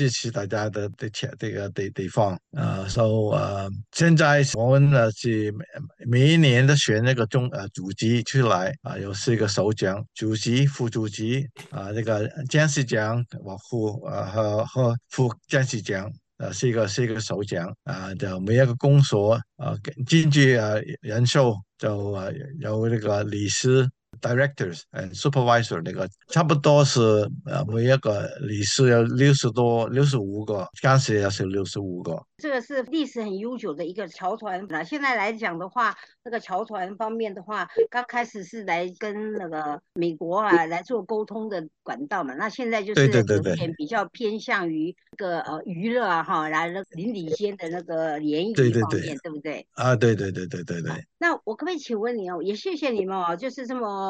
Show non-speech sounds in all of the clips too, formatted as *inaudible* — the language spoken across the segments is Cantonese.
支持大家的的切，這個地地方，啊，所以啊，現在我們呢是每每一年都選那個中啊主席出來，啊，有四個首長，主席、副主席，啊，這個監事長或副，和和，和副監事長，啊，四個四個首長，啊，就每一個公所，啊，跟住啊人數就啊有呢個理事。Directors and supervisor，那個差不多是，誒每一個理事有六十多、六十五個，當時也是六十五個。這個是歷史很悠久的一個僑團啦。現在來講的話，那個僑團方面的話，剛開始是來跟那個美國啊，來做溝通的管道嘛。那現在就是有點比較偏向於一個娛樂啊，哈，來那鄰里間的那個聯誼方面，對對對。對不對？啊，對對對對對對。那我可不可以請問你哦，也謝謝你們哦，就是這麼。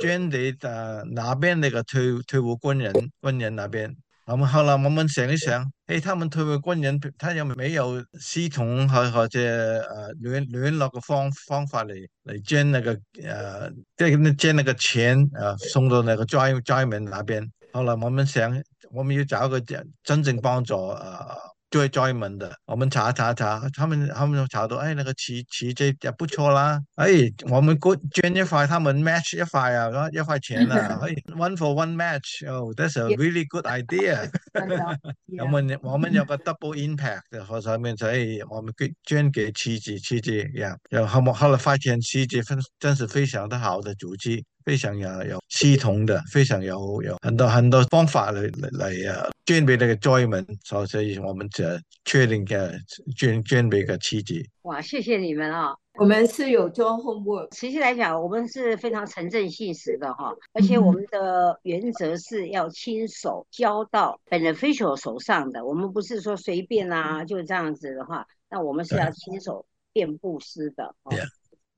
捐你誒哪邊？那個退退伍軍人軍人那邊。咁後嚟，我們想一想，誒，他們退伍軍人，他又沒有系統或或者、啊，聯聯絡的方方法嚟嚟捐那個、啊、捐那個錢啊，送到那個災災民那邊。後嚟，我們想，我們要找個真正幫助、啊最熱門的，我們查查查，他們他們就查到，哎，那個慈濟也不錯啦，哎，我們 good, 捐一塊，他們 match 一塊啊，一塊錢啊 *laughs* hey,，one for one match，that's、oh, 哦 a really good idea。我們我們有個 double impact 喺上面，所以我們捐捐給慈濟，慈濟又又後後嚟發現，慈濟真真是非常的好的組織。非常有有系統的，非常有有很多很多方法來來來呀，準備呢個災民。所以我們就確定嘅捐捐備一個契機。哇，謝謝你們啊、哦！我們是有做 homework。實際來講，我們是非常誠正信實的哈、哦，而且我們的原則是要親手交到本人 beneficiary 手上的。我們不是說隨便啊，就這樣子的話，那我們是要親手遍布施的、哦。Yeah.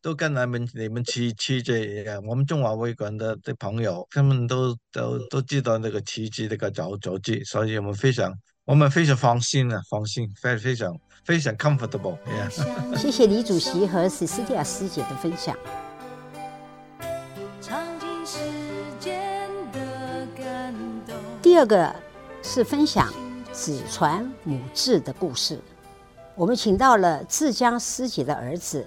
都跟他們你們去這嘅，我們中華會館的的朋友，他們都都都知道那個慈濟呢個組織，所以我們非常，我們非常放心啊，放心，非常非常非常 comfortable。謝謝李主席和史斯蒂亞師姐的分享。 *music* 第二個是分享子傳母志的故事，我們請到了浙江師姐的兒子。